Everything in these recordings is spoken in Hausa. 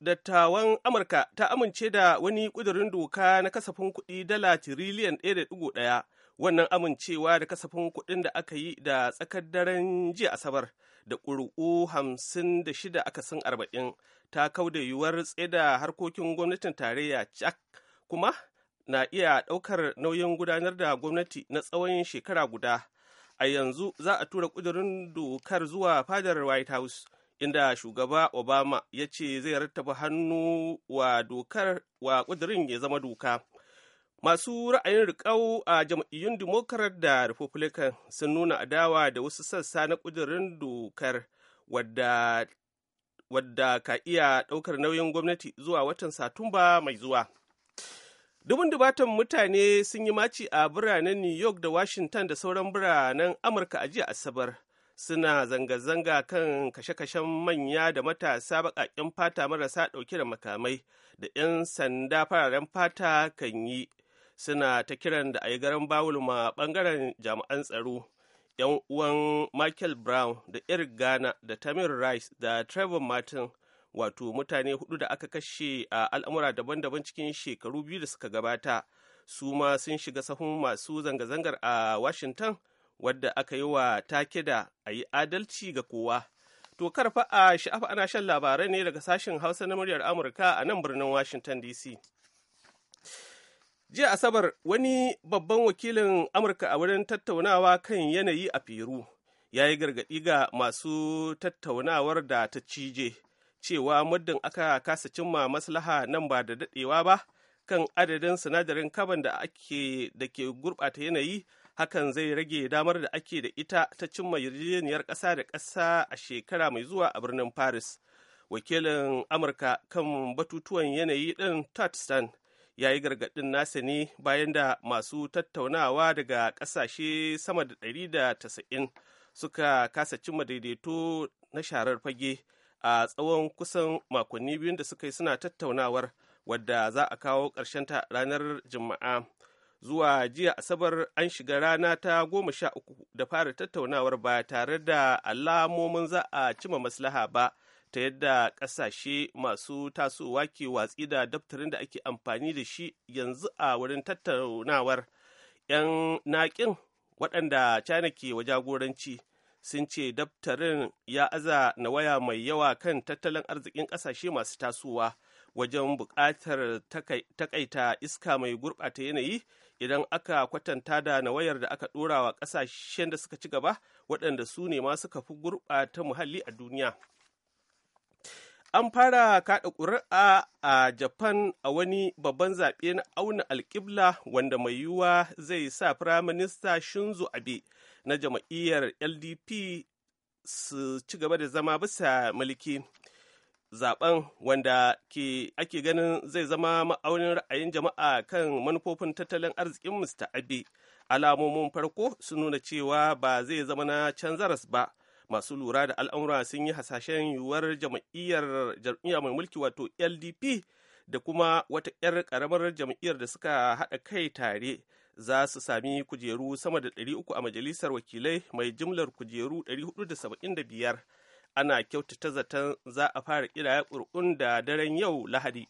dattawan amurka ta amince da wani ƙudurin doka na kasafin kuɗi dala tiriliyan ɗaya 1.1 wannan amincewa da kasafin kuɗin da aka yi da tsakar daren jiya asabar da ƙuri'u 56 akasin arba'in, ta kau da yiwuwar tsaida harkokin gwamnatin tarayya cak kuma na iya ɗaukar nauyin gudanar da gwamnati na tsawon shekara guda a yanzu za a tura ƙudurin dokar zuwa fadar white house inda shugaba obama ya ce zai rattaba hannu wa dokar wa kudirin ya zama doka masu ra'ayin riƙau a jam'iyyun democrat da republican sun nuna adawa da wasu sassa na kudirin dokar wadda ka iya ɗaukar nauyin gwamnati zuwa watan satumba mai zuwa dubin dubatan mutane sun yi maci a biranen new york da washington da sauran biranen amurka a jiya asabar suna zanga-zanga kan kashe-kashen manya da matasa baƙaƙen fata marasa ɗauke da makamai da 'yan sanda fararen fata kan yi suna ta kiran da a yi garin bawul ma ɓangaren jami'an tsaro 'yan uwan michael brown da eric ghana da tamir rice da trevor martin wato mutane hudu da aka kashe a al'amura daban-daban cikin shekaru biyu da suka gabata su ma sun shiga sahun masu zanga-zangar a washington wadda aka yi wa take da a yi adalci ga kowa. To karfa a sha'afa ana shan labarai ne daga sashen Hausa na muryar Amurka a nan birnin Washington DC. Jiya Asabar wani babban wakilin Amurka a wurin tattaunawa kan yanayi a Peru ya yi gargaɗi ga masu tattaunawar da ta cije cewa muddin aka kasa cimma maslaha nan ba da daɗewa ba kan adadin sinadarin kaban da ake da ke gurɓata yanayi hakan zai rage damar da ake da ita ta cimma yarjejeniyar ƙasa da ƙasa a shekara mai zuwa a birnin paris wakilin amurka kan batutuwan yanayi ɗin tatistan ya yi gargaɗin nasa ne bayan da masu tattaunawa daga ƙasashe sama da ɗari da 190 suka kasa cimma daidaito na sharar fage a tsawon kusan makonni biyun da suka yi suna tattaunawar wadda za a kawo ta ranar juma'a zuwa jiya asabar an shiga rana ta goma sha uku da fara tattaunawar ba tare da alamomin za a cima maslaha ba ta yadda ƙasashe masu tasowa ke watsi da daftarin da ake amfani da shi yanzu a wurin tattaunawar 'yan naƙin waɗanda china ke wa jagoranci sun ce daftarin ya aza na waya mai yawa kan tattalin arzikin ƙasashe masu tasowa wajen buƙatar takaita iska mai gurɓata yanayi idan aka kwatanta da na wayar da aka ɗora wa ƙasashen da suka ci gaba waɗanda su ne ma suka fi gurɓata muhalli a duniya an fara kaɗa ƙuri'a a japan a wani babban zaɓe na auna alƙibla wanda mai yiwuwa zai sa firaminista shinzo abe na jama'iyyar ldp su ci gaba da zama bisa mulki zaben wanda ke ake ganin zai zama ma'aunin ra'ayin jama'a kan manufofin tattalin arzikin Mr. Abe. Alamomin farko sun nuna cewa ba zai zama na canzaras ba. Masu lura da al'amura sun yi hasashen yiwuwar jam'iyyar jam'iyya mai mulki wato LDP da kuma wata 'yar karamar jam'iyyar da suka haɗa kai tare za su sami kujeru sama da 300 a majalisar wakilai mai jimlar kujeru 475. ana kyautata zaton za a fara ƙidaya kurkun da daren yau lahadi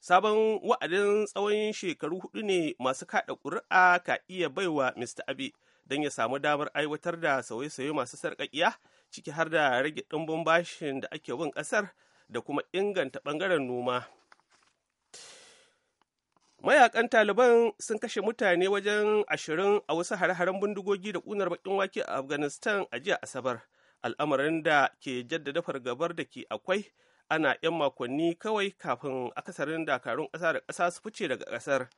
sabon wa'adin tsawon shekaru hudu ne masu kaɗa ƙuri'a ka iya baiwa mr abe don ya samu damar aiwatar da sauye-sauye masu sarƙaƙiya ciki har da rage ɗumbin bashin da ake bin ƙasar da kuma inganta ɓangaren noma mayakan taliban sun kashe mutane wajen ashirin a wasu hare-haren bindigogi da ƙunar baƙin wake a afghanistan a jiya asabar al'amarin da ke jaddada fargabar da ke akwai ana 'yan makonni kawai kafin akasarin dakarun ƙasa da ƙasa su fice daga ƙasar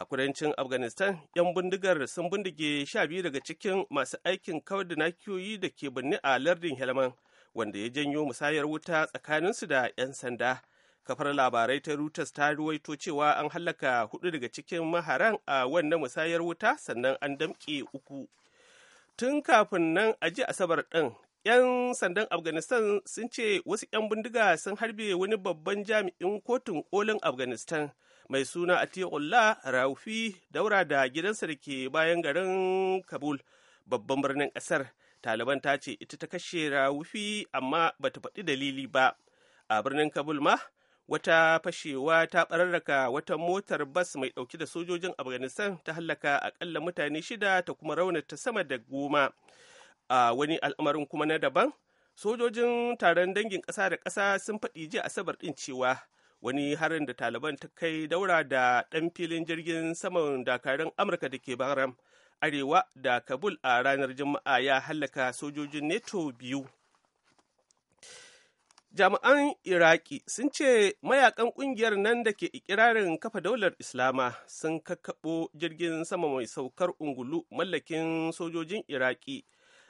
a kudancin afghanistan 'yan bindigar sun bindige sha biyu daga cikin masu aikin kawar da nakiyoyi da ke binne a lardin helman wanda ya janyo musayar wuta tsakaninsu da 'yan sanda kafar labarai ta reuters ta ruwaito cewa an hallaka hudu daga cikin maharan a wannan musayar wuta sannan an damƙe uku tun kafin nan a ji asabar ɗin 'yan sandan afghanistan sun ce wasu 'yan bindiga sun harbe wani babban jami'in kotun kolin afghanistan mai suna atiullah raufi daura da gidansa da ke bayan garin kabul babban birnin kasar taliban ta ce ita ta kashe raufi amma bata faɗi dalili ba a birnin kabul ma wata fashewa ta ɓararraka wata motar bas mai ɗauki da sojojin afghanistan ta hallaka akalla mutane shida ta kuma raunata sama da goma a wani al'amarin kuma na daban sojojin taron dangin ƙasa da ƙasa sun faɗi jiya asabar ɗin cewa wani harin da taliban ta kai daura da ɗan filin jirgin saman dakarun amurka da ke bahram arewa da kabul a ranar juma'a ya hallaka sojojin neto biyu jami'an iraki sun ce mayakan kungiyar nan da ke ikirarin kafa daular islama sun kakkaɓo jirgin sama mai saukar ungulu mallakin sojojin iraki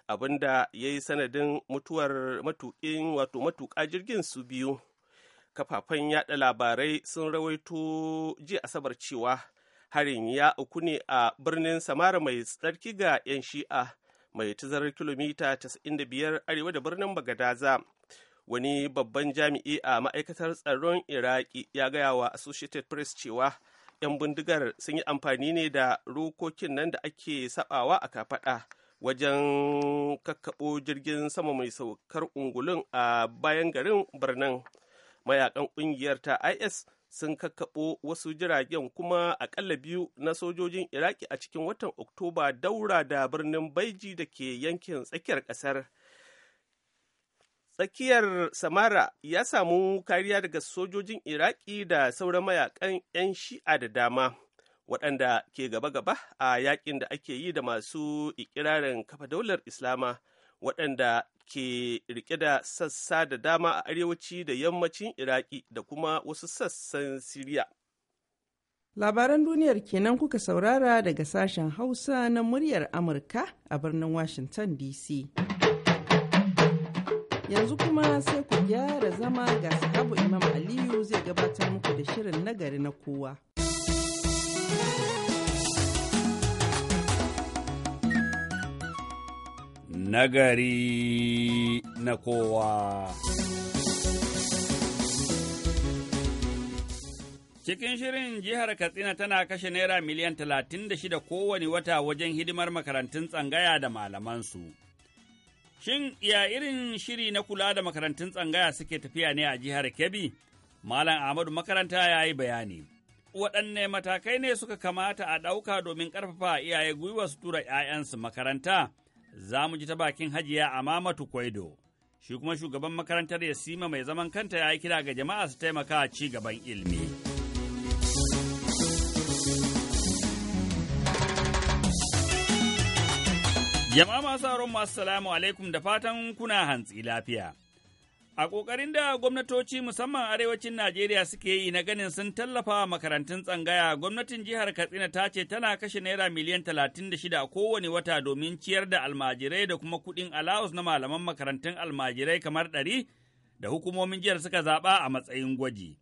abinda ya yi sanadin mutuwar matuƙin wato matuƙa jirgin su biyu kafafen yada labarai sun rawaito ji asabar cewa harin ya uku ne a birnin samara mai tsarki ga 'yan shi'a mai tazarar kilomita 95 arewa da birnin bagadaza wani babban jami'i a ma'aikatar tsaron iraki ya gaya wa associated press cewa 'yan bindigar sun yi amfani ne da rokokin nan da ake sabawa a kafaɗa wajen kakkaɓo jirgin sama mai saukar ungulun a bayan garin birnin mayakan ƙungiyar ta is sun kakkaɓo wasu jiragen kuma akalla biyu na sojojin iraki a cikin watan oktoba daura da birnin baiji da ke yankin tsakiyar ƙasar tsakiyar samara ya samu kariya daga sojojin iraki da sauran mayakan 'yan shi'a da dama waɗanda ke gaba-gaba a yakin da ake yi da masu ikirarin kafa daular islama waɗanda ke rike da sassa da dama a arewaci da yammacin iraki da kuma wasu sassan siriya labaran duniyar kenan kuka saurara daga sashen hausa na muryar amurka a birnin washington dc yanzu kuma sai ku gyara zama ga sahabu imam aliyu zai gabatar muku da shirin nagari na kowa. nagari na kowa. Cikin shirin jihar Katsina tana kashe Naira miliyan talatin da shida kowane wata wajen hidimar makarantun tsangaya da malamansu. Shin ya irin shiri na kula da makarantun tsangaya suke tafiya ne a jihar Kebbi? Malam Ahmadu makaranta ya yi bayani. Waɗanne matakai ne suka kamata a ɗauka domin ƙarfafa iyaye gwiwa su tura ‘ya'yansu makaranta? Za mu ji ta bakin hajiya a Mamatu Kwaido. Shi kuma shugaban makarantar Yasima mai zaman kanta ya yi kira ga jama'a su taimaka ci gaban ilimi. Jama'a masu masu salamu alaikum da fatan kuna hantsi lafiya. A ƙoƙarin da gwamnatoci musamman arewacin Najeriya suke yi na ganin sun tallafa wa makarantun tsangaya, gwamnatin jihar Katsina ta ce tana kashe naira miliyan talatin da shida kowane wata domin ciyar da almajirai da kuma kuɗin alawus na malaman makarantun almajirai kamar ɗari da hukumomin jihar suka zaɓa a matsayin gwaji.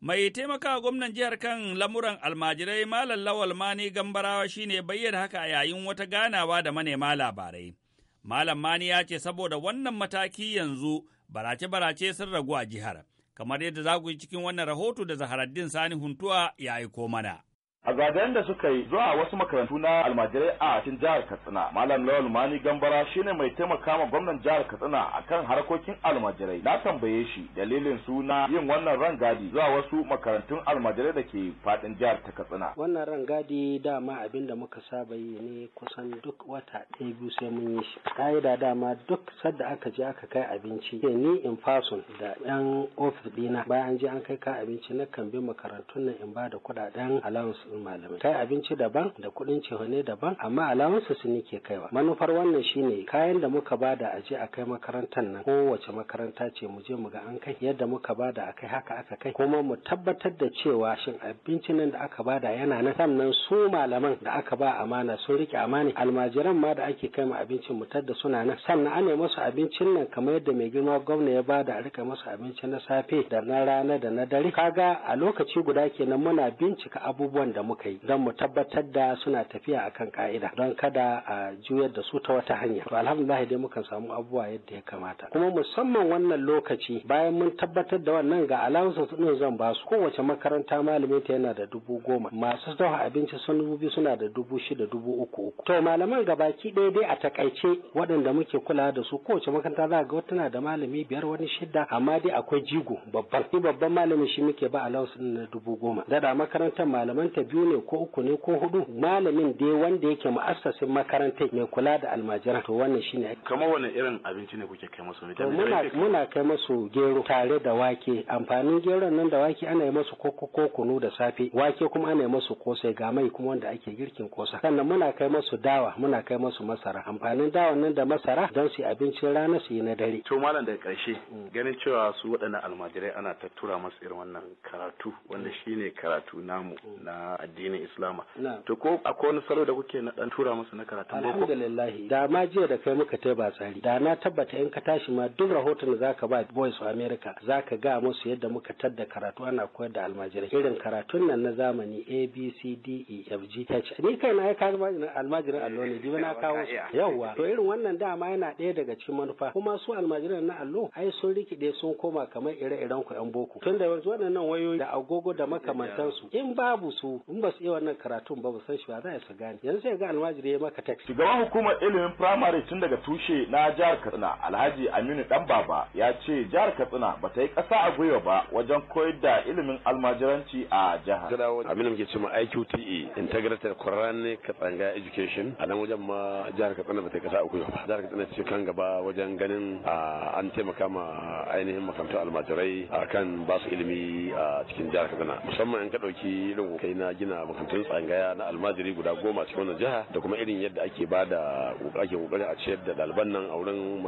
Mai taimaka gwamnan jihar kan lamuran almajirai Malam Lawal Mani Gambarawa shine bayyana haka a yayin wata ganawa da manema labarai. Malam Mani ya ce saboda wannan mataki yanzu barace-barace sun ragu a jihar, kamar yadda za ku yi cikin wannan rahoto da Zaharaddin Sani Huntuwa ya aiko mana. a zagayen da suka yi zuwa wasu makarantu na almajirai a cikin jihar katsina malam lawal mani gambara shine mai taimaka ma gwamnan jihar katsina akan harkokin almajirai na tambaye shi dalilin su na yin wannan rangadi zuwa wasu makarantun almajirai da ke fadin jihar ta katsina wannan rangadi dama abin da muka saba yi ne kusan duk wata ɗaya biyu sai mun yi shi ka'ida dama duk sadda aka je aka kai abinci eh, ni in fason da yan ofis ɗina. bayan an je an kai ka abinci na kan bi makarantun nan in ba da kuɗaɗen allowance kuɗin malamai kai abinci daban da kuɗin cehone daban amma alawansa su ne ke kaiwa manufar wannan shine kayan da muka bada a je a kai makarantar nan kowace makaranta ce mu je mu ga an kai yadda muka bada a kai haka aka kai kuma mu tabbatar da cewa shin abincin nan da aka bada yana na sannan su malaman da aka ba amana sun rike amana almajiran ma da ake kai ma abincin mu tadda suna nan sannan ana musu abincin nan kamar yadda mai girma gwamna ya bada a rika musu abinci na safe da na rana da na dare kaga a lokaci guda kenan muna bincika abubuwan da da muka yi don mu tabbatar da suna tafiya akan ka'ida don kada a juyar da su ta wata hanya to alhamdulillah dai mukan samu abubuwa yadda ya kamata kuma musamman wannan lokaci bayan mun tabbatar da wannan ga allowances din zan ba su kowace makaranta malamin ta yana da dubu goma masu zuwa abinci sun dubu suna da dubu shida dubu uku uku to malaman gabaki ɗaya dai a takaice waɗanda muke kulawa da su kowace makaranta za ga tana da malami biyar wani shida amma dai akwai jigo babban ni babban malamin shi muke ba allowance din na dubu goma da da makarantar malaman ta biyu ne ko uku ne ko hudu malamin dai wanda yake ma'asasin makarantar mai kula da almajiran to wannan shine kamar wani irin abinci ne kuke kai musu muna muna kai masu gero tare da wake amfanin geron nan da wake ana yi masu koko kunu da safe wake kuma ana yi masu kosai ga mai kuma wanda ake girkin kosa sannan muna kai masu dawa muna kai masu masara amfanin dawa nan da masara don su abincin rana su yi na dare to malam daga karshe mm. ganin cewa su waɗannan almajirai ana tattura masu irin wannan karatu wanda mm. shine karatu namu mm. na addinin islama to ko akwai wani salo da kuke na dan tura musu na karatu alhamdulillah da ma jiya da kai muka tai ba tsari da na tabbata in ka tashi ma duk rahoton da zaka ba boys of america zaka ga musu yadda muka tadda karatu ana koyar da almajirai irin karatun nan na zamani a b c d e f g h ni kai na ka almajirin allo ne dibi na kawo yawwa to irin wannan dama yana ɗaya daga cikin manufa kuma su almajiran na allo ai sun rikide sun koma kamar ire-iren ku yan boko tunda da yanzu wannan wayoyi da agogo da makamantansu in babu su in ba su iya wannan karatun ba ba san shi ba za su gane yanzu sai ga almajiri ya maka text shugaban hukumar ilimin primary tun daga tushe na jihar Katsina Alhaji Aminu Dan Baba ya ce jihar Katsina ba ta yi ƙasa a gwiwa ba wajen koyar da ilimin almajiranci a jihar aminu ke cewa IQTE Integrated Quranic Katsanga Education a nan wajen ma jihar Katsina ba ta yi ƙasa a gwiwa ba jihar Katsina ce kan gaba wajen ganin an taimaka ma ainihin makarantu almajirai kan ba su ilimi a cikin jihar Katsina musamman in ka ɗauki irin kai na gina makarantun tsangaya na almajiri guda goma cikin wannan jiha da kuma irin yadda ake ba da ake kokari a ciyar da ɗaliban nan a wurin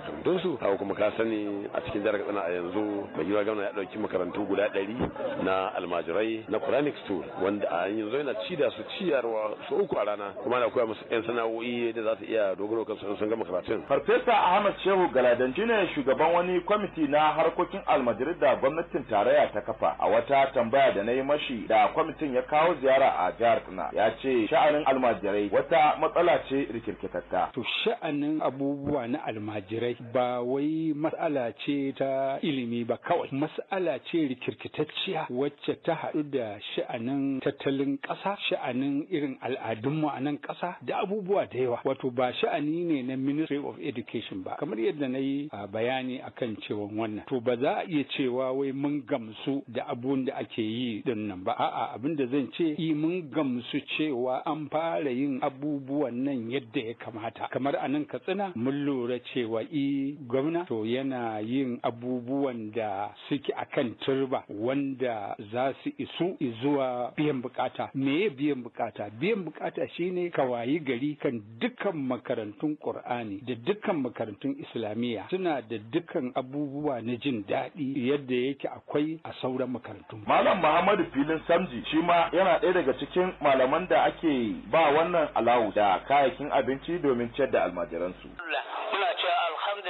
su haka kuma ka sani a cikin jihar katsina a yanzu mai yiwa gwamna ya ɗauki makarantu guda ɗari na almajirai na quranic school wanda a yanzu yana ci da su ciyarwa su uku a rana kuma na koya musu 'yan sana'o'i da za su iya dogaro kansu sun gama karatun. farfesa ahmad shehu galadanci ne shugaban wani kwamiti na harkokin almajirai da gwamnatin tarayya ta kafa a wata tambaya da na yi mashi da kwamitin ya kawo ziyara shekara a jihar Katsina ya ce sha'anin almajirai wata matsala ce rikirkitatta. To sha'anin abubuwa na almajirai ba wai matsala ce ta ilimi ba kawai matsala ce rikirkitacciya wacce ta haɗu da sha'anin tattalin ƙasa sha'anin irin al'adunmu a nan ƙasa da abubuwa da yawa wato ba sha'ani ne na Ministry of Education ba kamar yadda na yi bayani akan cewa wannan to ba za a iya cewa wai mun gamsu da abun da ake yi din nan ba a'a abin da zan ce yaƙi mun gamsu cewa an fara yin abubuwan nan yadda ya kamata kamar a nan katsina mun lura cewa i e, gwamna to yana yin abubuwan da suke a kan turba wanda za su isu zuwa biyan bukata ya biyan bukata biyan bukata shine ka wayi gari kan dukkan makarantun qur'ani da dukkan makarantun islamiyya suna da dukkan abubuwa na jin daɗi yadda yake akwai a sauran makarantun malam muhammadu filin samji shi ma yana ɗaya ɗaya daga cikin malaman da ake ba wannan alawu da kayakin abinci domin ciyar da almajiransu.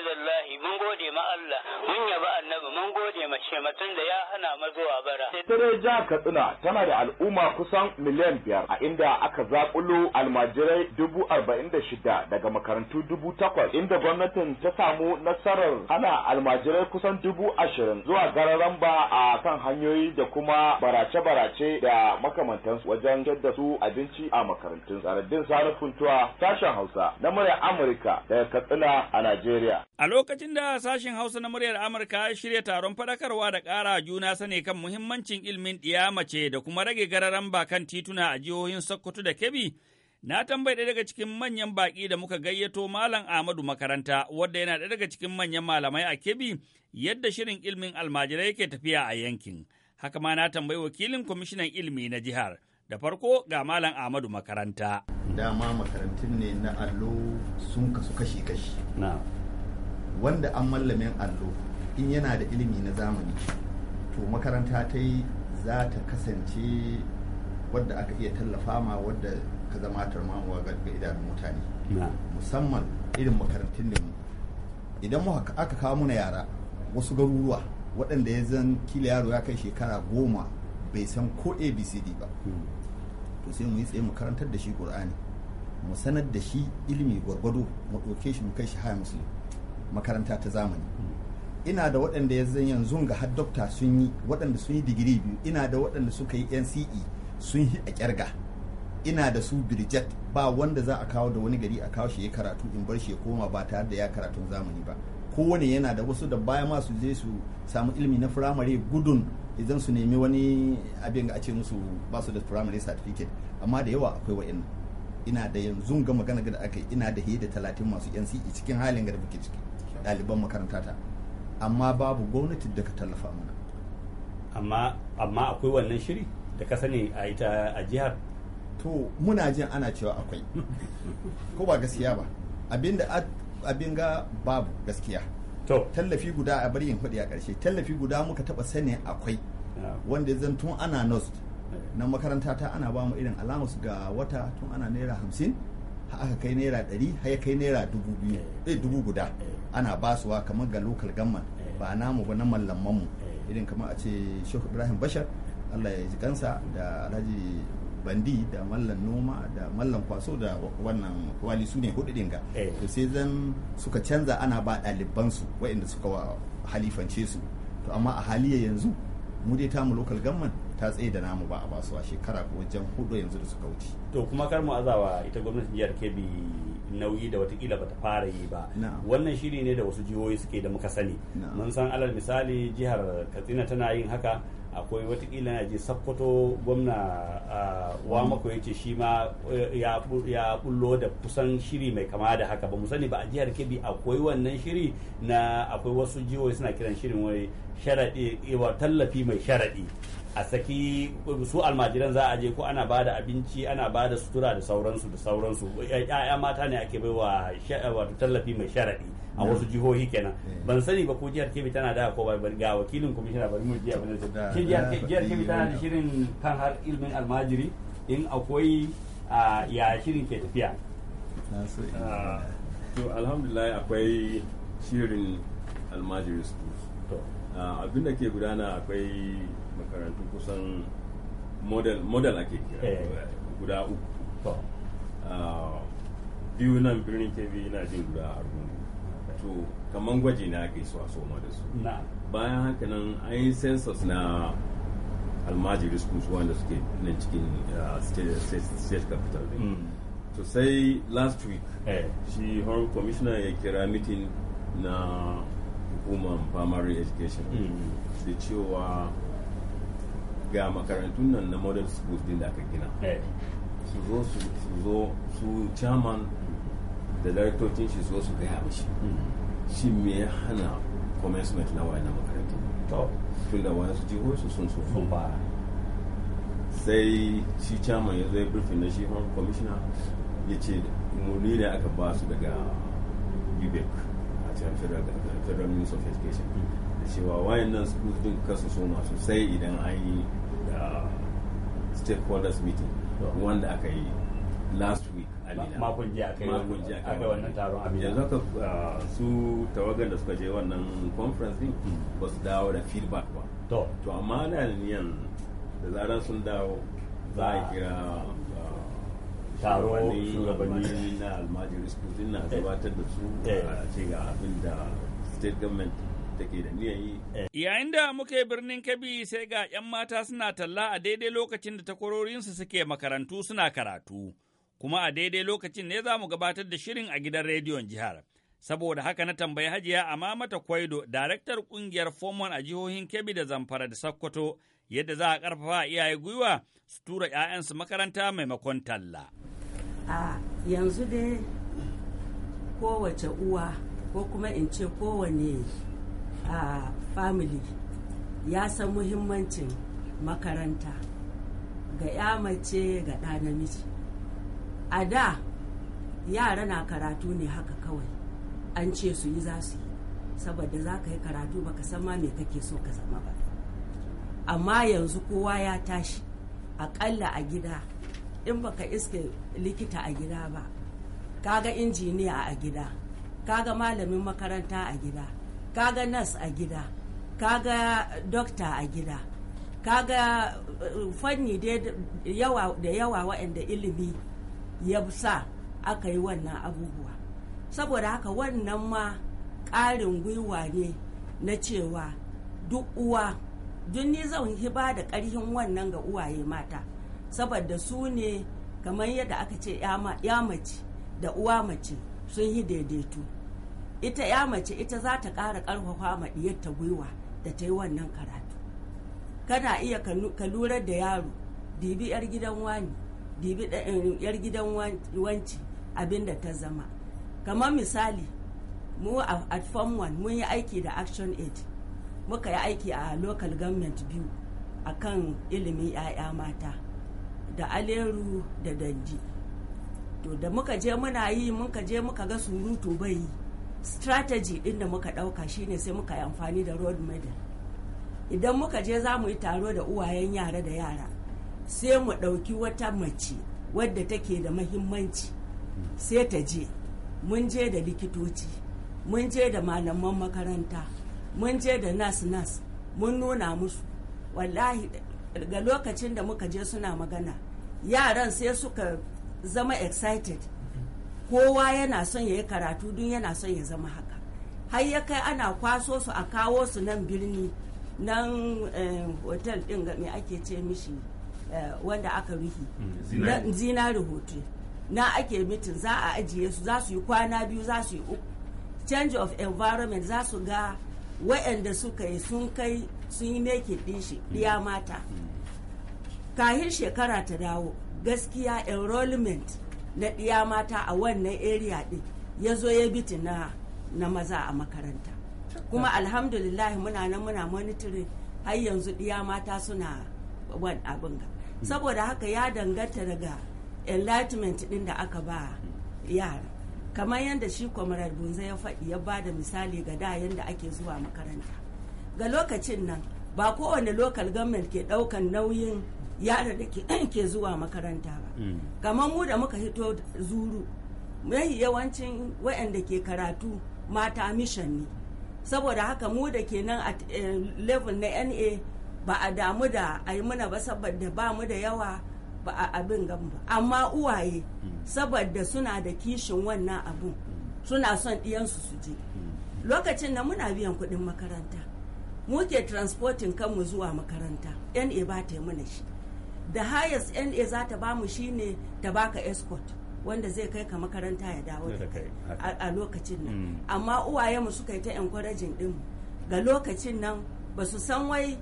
lillahi mun gode ma Allah mun yaba annabi mun gode ma shematun da ya hana mu zuwa bara. tare ja Katsina tana da al'umma kusan miliyan biyar a inda aka zakulo almajirai dubu da shida daga makarantu dubu takwas inda gwamnatin ta samu nasarar hana almajirai kusan dubu ashirin zuwa gararan ba a kan hanyoyi da kuma barace-barace da makamantansu wajen da su abinci a makarantun. Saradin Sani Funtuwa sashen Hausa na murya Amurka daga Katsina a Najeriya. A lokacin da sashen Hausa na muryar Amurka ya shirya taron fadakarwa da ƙara juna sani kan muhimmancin ilimin mace da kuma rage gararan bakan tituna a jihohin Sokoto da Kebbi, na tambayi ɗaya daga cikin manyan baƙi da muka gayyato Malam Ahmadu makaranta, wadda yana ɗaya daga cikin manyan malamai a Kebbi, yadda shirin ilimin almajirai yake tafiya a yankin. Haka ma na tambayi wakilin kwamishinan ilimi na jihar. Da farko ga Malam Ahmadu makaranta. Dama makarantun ne na allo sun kasu kashi-kashi. wanda an mallamin allo in yana da ilimi na zamani to makaranta ta yi za ta kasance wadda aka iya tallafa ma wadda ka zama tarmamuwa ga idanun mutane musamman irin makarantun da mu idan aka kawo muna yara wasu garuruwa waɗanda ya zan kila yaro ya kai shekara goma bai san ko abcd ba hmm. to sai mu yi tsaye mu karantar da shi ƙur'ani mu sanar da shi ilimi gwargwado mu ɗauke shi mu kai shi haya musulmi makaranta ta zamani ina da waɗanda ya zan yanzu ga har dokta sun yi waɗanda sun yi digiri biyu ina da waɗanda suka yi nce sun yi a kyarga ina da su birjet ba wanda za a kawo da wani gari a kawo shi ya karatu in bar shi ya koma ba tare da ya karatun zamani ba kowane yana da wasu da baya ma su je su samu ilimi na firamare gudun idan su nemi wani abin a ce musu ba su da firamare certificate amma da yawa akwai wa'in ina da yanzu ga magana da aka yi ina da hiye da talatin masu nce cikin halin da muke ciki ɗaliban makaranta ta amma babu gwamnati da ka tallafa mana amma amma akwai wannan shiri da ka sani a ita a jihar to muna jin ana cewa akwai ko ba gaskiya ba abinda abin ga babu gaskiya to tallafi guda a bari yin hudi a ƙarshe tallafi guda muka taba sani akwai ah. wanda zan tun ana nos eh. na makaranta ta ana ba mu irin alamus ga wata tun ana naira hamsin aka kai naira ɗari har ya kai naira dubu biyu eh. Eh, dubu guda ana basuwa kamar ga lokal government eh. ba namu ba na mallamanmu eh. irin kamar a ce Sheikh Ibrahim Bashar Allah ya ji kansa da Alhaji bandi da mallan noma da mallan kwaso da wannan wali su ne hudu dinga eh. to sai zan suka canza ana ba ɗalibansu waɗanda suka halifance su to amma a haliya yanzu mu dai tamu lokal government ta tsaye da namu ba a basuwa shekara ko wajen hudu yanzu da suka wuce to kuma kar mu azawa ita gwamnatin jihar Kebbi nauyi da watakila bata fara yi ba wannan shiri ne da wasu jihohi suke da muka sani mun san alal misali jihar Katsina tana yin haka akwai watakila na je sakkwato gwamna wa mako ya ce shi ma eh, ya bullo da kusan shiri mai kama da haka ba sani ba a jihar kebbi akwai wannan shiri na akwai wasu jihohi suna kiran shirin wai sharaɗi eh, tallafi mai sharaɗi a saki su almajiran za a je ko ana ba da abinci ana ba da sutura da sauransu da sauransu ya mata ne ake bai wato tallafi mai sharaɗi a wasu jihohi kenan ban sani ba ko jihar kebbi tana da ko ba ga wakilin kwamishina bari mu jiya bane shin jihar kebbi tana da shirin kan har ilmin almajiri in akwai ya shirin ke tafiya ah, to alhamdulillah akwai shirin almajiri ah, abinda ke gudana akwai makarantu kusan model model ake kira eh. guda uku ah, biyu nan birnin kebe yana jin guda argungu to kamar gwaji na ake so a soma da su bayan haka nan an yi census na almajiri schools wanda suke nan cikin ah, state capital din mm. to sai last week eh. shi home commissioner ya kira meeting na hukumar primary education mm. da cewa ga makarantun nan na model schools din da aka gina eh. su zo su zo su chairman da daraktocin shi zo su gaya mashi hmm. shi me ya hana commencement na wayan to tun da wayan su jihohi su sun sun fara sai shi chairman ya zo ya briefing na shi hon commissioner ya ce umarni ne aka ba su daga ubec a cikin federal minister of education hmm. da cewa wayan nan schools din kasu so masu sai idan an yi stakeholders meeting wanda aka yi last week makon jiya kai makon jiya kai wannan taron amina yanzu haka uh, su tawagan da suka je wannan conference din hmm. ba su dawo da feedback ba to to amma na niyan da zarar sun dawo za a kira uh, taro shugabanni na almajiris su na gabatar da su eh. a ce ga abin da state government take da niyan yi. Yayin da muke birnin Kebbi sai ga 'yan mata suna talla a daidai lokacin da takwarorinsu suke makarantu suna karatu. Kuma a daidai lokacin ne za mu gabatar da shirin a gidan rediyon jihar. Saboda haka na tambayi hajiya amma mata kwaido, daraktar kungiyar fomon a jihohin Kebbi da Zamfara da Sokoto, yadda za a a iyaye gwiwa su tura 'ya'yansu makaranta maimakon talla. A yanzu dai kowace uwa ko kuma in ce kowane a family ya san muhimmancin makaranta ga ya mace ga ɗa namiji a da yara na karatu ne haka kawai an ce su yi za su yi saboda za ka yi karatu baka san ma me kake so ka zama ba amma yanzu kowa ya tashi aƙalla a gida in baka iske likita a gida ba kaga injiniya a gida kaga malamin makaranta a gida kaga nas a gida kaga dokta a gida kaga uh, fanni da yawa waɗanda ilimi ya sa aka yi wannan abubuwa saboda haka wannan ma ƙarin gwiwa ne na cewa duk uwa duk ni zan hiba da ƙarhin wannan ga uwaye mata saboda su ne kamar yadda aka ce ya mace da uwa mace sun yi daidaito ita ya mace ita za ta ƙara ƙarfafa ma ta gwiwa da ta yi wannan karatu kana iya ka lura da yaro dibi yar gidan wani dibi yar eh, gidan wanci abinda ta zama kamar misali mu a form 1 mun yi aiki da action aid muka yi aiki a local government biyu kan ilimin 'ya'ya mata da aleru da danji to da muka je muna yi muka je muka ga surutu bai yi strategy din da muka ɗauka shine sai muka yi amfani da road model idan muka je za mu yi taro da uwayen yara da yara sai mu ɗauki wata mace wadda take da mahimmanci sai ta je mun je da likitoci mun je da malaman makaranta mun je da nas nas mun nuna musu wallahi ga lokacin da muka je suna magana yaran sai suka zama excited kowa yana son ya yi karatu dun yana son ya zama haka har ya kai ana kwaso su a kawo su nan birni nan eh, hotel din ga me ake ce mishi eh, wanda aka ruhi mm, zinari hotel na ake mitin za a ajiye su za su yi kwana biyu za su yi uku change of environment za su ga waɗanda suka yi sun kai sun yi naked ɗin shi mm. ɗiya mata mm. kahin shekara ta dawo gaskiya enrollment na ɗiya mata a wannan area ɗin ya zo ya biti na na maza a makaranta kuma alhamdulillah muna nan muna monitoring har yanzu ɗiya mata suna wan abin ga hmm. saboda haka ya danganta daga enlightenment ɗin da aka ba yara kamar yadda shi kwamarar bunza ya faɗi ya ba da misali ga da yadda ake zuwa makaranta ga lokacin nan ba kowane local government ke ɗaukan nauyin Yara da ke zuwa makaranta ba mm. kamar mu da muka hito zuru mai yawancin waɗanda ke karatu mata mission ne saboda haka mu da ke nan a eh, level na na ba a damu da a yi muna ba saboda ba mu da yawa ba a abin gan ba amma uwaye mm. saboda suna da kishin wannan abun mm. suna son ɗiyansu su je lokacin na muna biyan kuɗin makaranta Mu ke transportin kanmu zuwa makaranta na ba ta yi mana shi da highest na za ta bamu shine ta baka escort wanda zai kai ka makaranta ya dawo da kai a lokacin nan mm. amma uwaye mu suka yi ta encouraging din ga lokacin nan ba su san wai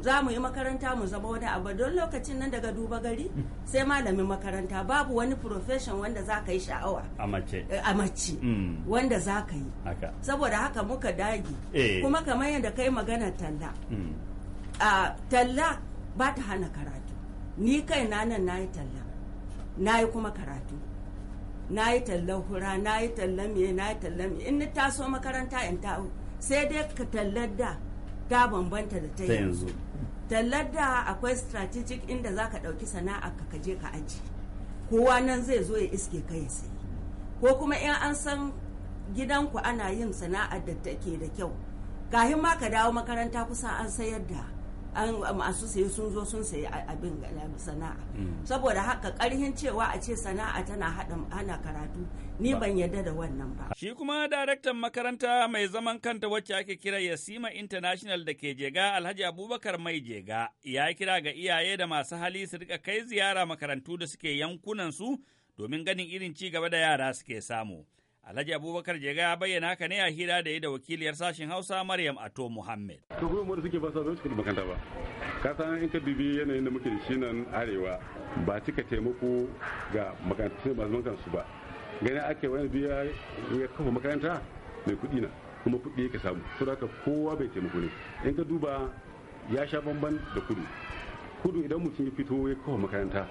za mu yi makaranta mu zama wani abu don lokacin nan daga duba gari mm. sai malamin makaranta babu wani profession wanda za ka yi sha'awa a mace eh, mm. wanda za ka yi saboda haka muka dage eh. kuma kamar yadda kai magana talla talla ba ta hana karatu ni kai na nan na yi talla na yi kuma karatu na yi tallan hura na yi tallan miye na yi tallan miye in ni taso makaranta in ta sai dai ka tallar da ta bambanta da ta yanzu tallar da akwai strategic inda za ka ɗauki sana'a ka kaje ka aji kowa nan zai zo ya iske ka ya sayi ko kuma in an san gidanku ana yin sana'ar da take da kyau kahin ma ka dawo makaranta kusa an sayar da masu saye sun zo sun sayi abin sana'a mm. saboda haka karhin cewa a ce sana'a tana hana karatu ni ban yarda da wannan ba shi kuma daraktan makaranta mai zaman kanta wacce ake kira yasima international da ke jega alhaji abubakar mai jega ya kira ga iyaye da masu hali su rika kai ziyara makarantu da suke yankunan su domin ganin irin ci gaba da yara suke samu Alhaji Abubakar Jega ya bayyana haka ne a hira da yi da wakiliyar sashen Hausa Maryam Ato Muhammad. To gudunmu da suke ba su cikin makanta ba. Ka san in ka dubi yanayin da muke da shi nan arewa ba cika taimako ga makarantu masu mankan su ba. Gani ake wani biya ya kafa makaranta mai kuɗi na kuma kuɗi yake samu. To haka kowa bai taimako ne. In ka duba ya sha bamban da kudu. Kudu idan mutum ya fito ya kafa makaranta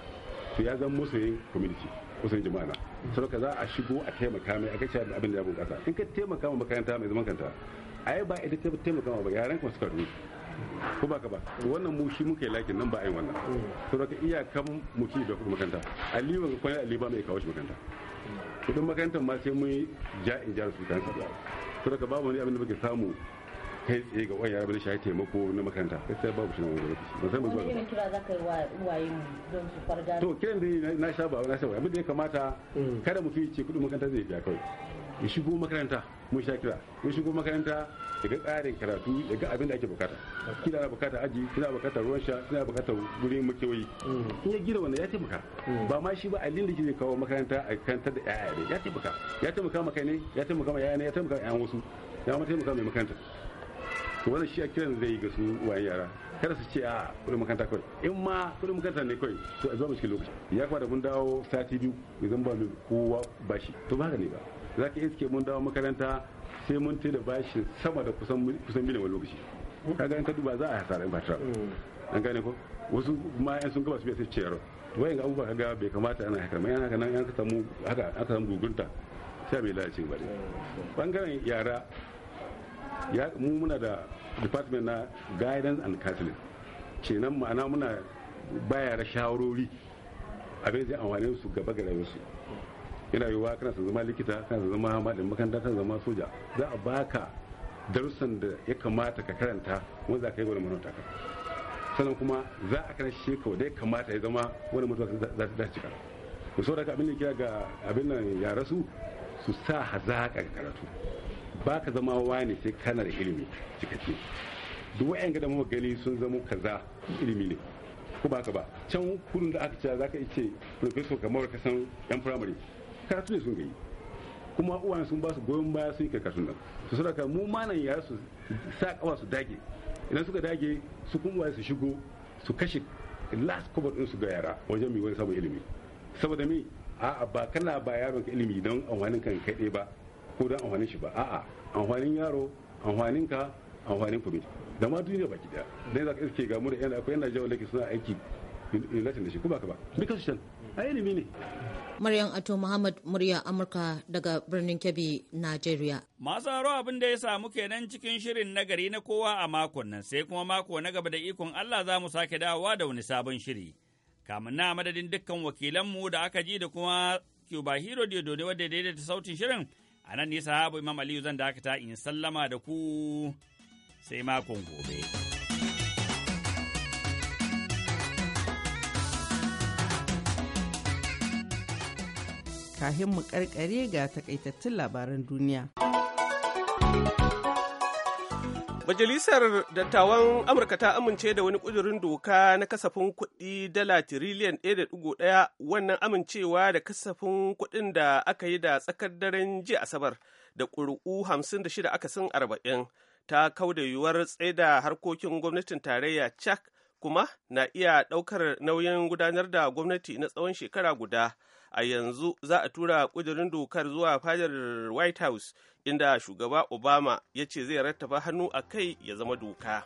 to ya zama musayin community. kusan jama'a sau ka za a shigo a taimaka mai a kai da abin da ya bukata in ka taimaka ma makaranta mai zaman kanta ai ba ita taimaka ma ba yaran kuma suka rubu ko ba ka ba wannan mu shi muka yi lakin nan ba a yi wannan saboda ka iyakan mu ci da kuma makaranta aliyu ga kwanar aliyu ba mai kawo shi makaranta kudin makarantar ma sai mun ja in ja su kansa saboda ka babu wani abin da muke samu kai tsaye ga uwaye rabar shi taimako na makaranta gaskiya babu shi na wani lokaci zuwa kira yi waye mu don su farga to kiran da na sha ba na sha ba abin da ya kamata mm. kada mutum ce kudin makaranta zai biya kawai ya shigo makaranta mun sha kira mun shigo makaranta daga tsarin karatu daga abin da ake bukata kina na bukata aji kina bukata ruwan sha kina bukata gurin makewayi mm. in ya gina wannan ya taimaka mm. ba ma shi ba alin da kawo makaranta a kantar da yaya ya taimaka ya taimaka maka ne ya taimaka ma yaya ne ya taimaka ma wasu ya ma taimaka mai makaranta wani shi a kiran zai yi ga su wayan yara kada su ce a kudin makaranta kawai in ma kudin makaranta ne kawai to a zuwa mu lokaci ya kamata mun dawo sati biyu idan ba mu kowa bashi to ba ne ba za ka iske mun dawo makaranta sai mun da bashin sama da kusan kusan miliyan wani lokaci ka in ka duba za a hasara in ba ta an gane ko wasu ma yan sun gaba su biya sai ciyarwa. wayan ga abubuwa ga bai kamata ana haka mai ana ka samu haka aka samu gugunta sai mai lalace ba bangaren yara mu muna da department na guidance and counseling kenan ma'ana muna bayar shawarori abin zai amfani su gaba ga rayuwarsu yana yiwuwa kana su zama likita kana su zama malamin makaranta kana zama soja za a baka darussan da ya kamata ka karanta wanda za ka yi wani manota ka sannan kuma za a kan sheka ka ya kamata ya zama wani mutuwa za ta cika da saboda abin da kira ga abin nan ya rasu su sa hazaƙa karatu ba ka zama wani sai kana da ilimi cikakke duk wa'yan da muka gani sun zama kaza ilimi ne ko ba ka ba can kudin da aka cewa za ka ce professor kamar ka san yan firamare karatu ne sun gayi kuma uwan sun ba su goyon baya sun yi karkashin nan su ka mu manan ya su sa kawa su dage idan suka dage su kuma su shigo su kashe last cover din su ga yara wajen mai wani sabon ilimi saboda me a'a ba kana ba yaron ka ilimi don amfanin kan kaɗai ba ko don amfanin shi ba a'a amfanin yaro amfanin ka amfanin kuma da ma duniya baki daya dai za ka iske ga mura yana akwai yana jawo lake suna aiki relatin da shi ko ba ka ba because shan a yi nemi ne Maryam Ato Muhammad murya Amurka daga birnin Kebbi, nigeria. Masu haro abin da ya samu kenan cikin shirin na gari na kowa a makon nan sai kuma mako na gaba da ikon Allah za mu sake dawowa da wani sabon shiri. Kamun na madadin dukkan wakilanmu da aka ji da kuma Cuba Hero Diodo ne wadda daidaita sautin shirin A nan nisa habu Imam Aliyu zan dakata in sallama da ku sai makon gobe. Kahin mu karkare ga takaitattun labaran duniya. Majalisar Dattawan Amurka ta amince da wani ƙudurin doka na kasafin kuɗi dala tiriliyan 1.1 wannan amincewa da kasafin kuɗin da aka yi da tsakar daren jiya Asabar da ƙuri'u 56 akasin 40 ta da yiwuwar tsaida harkokin gwamnatin tarayya Chak kuma na iya ɗaukar nauyin gudanar da gwamnati na tsawon shekara guda a yanzu za a tura ƙudurin dokar zuwa fadar white house inda shugaba obama ya ce zai rattaba hannu a kai ya zama doka.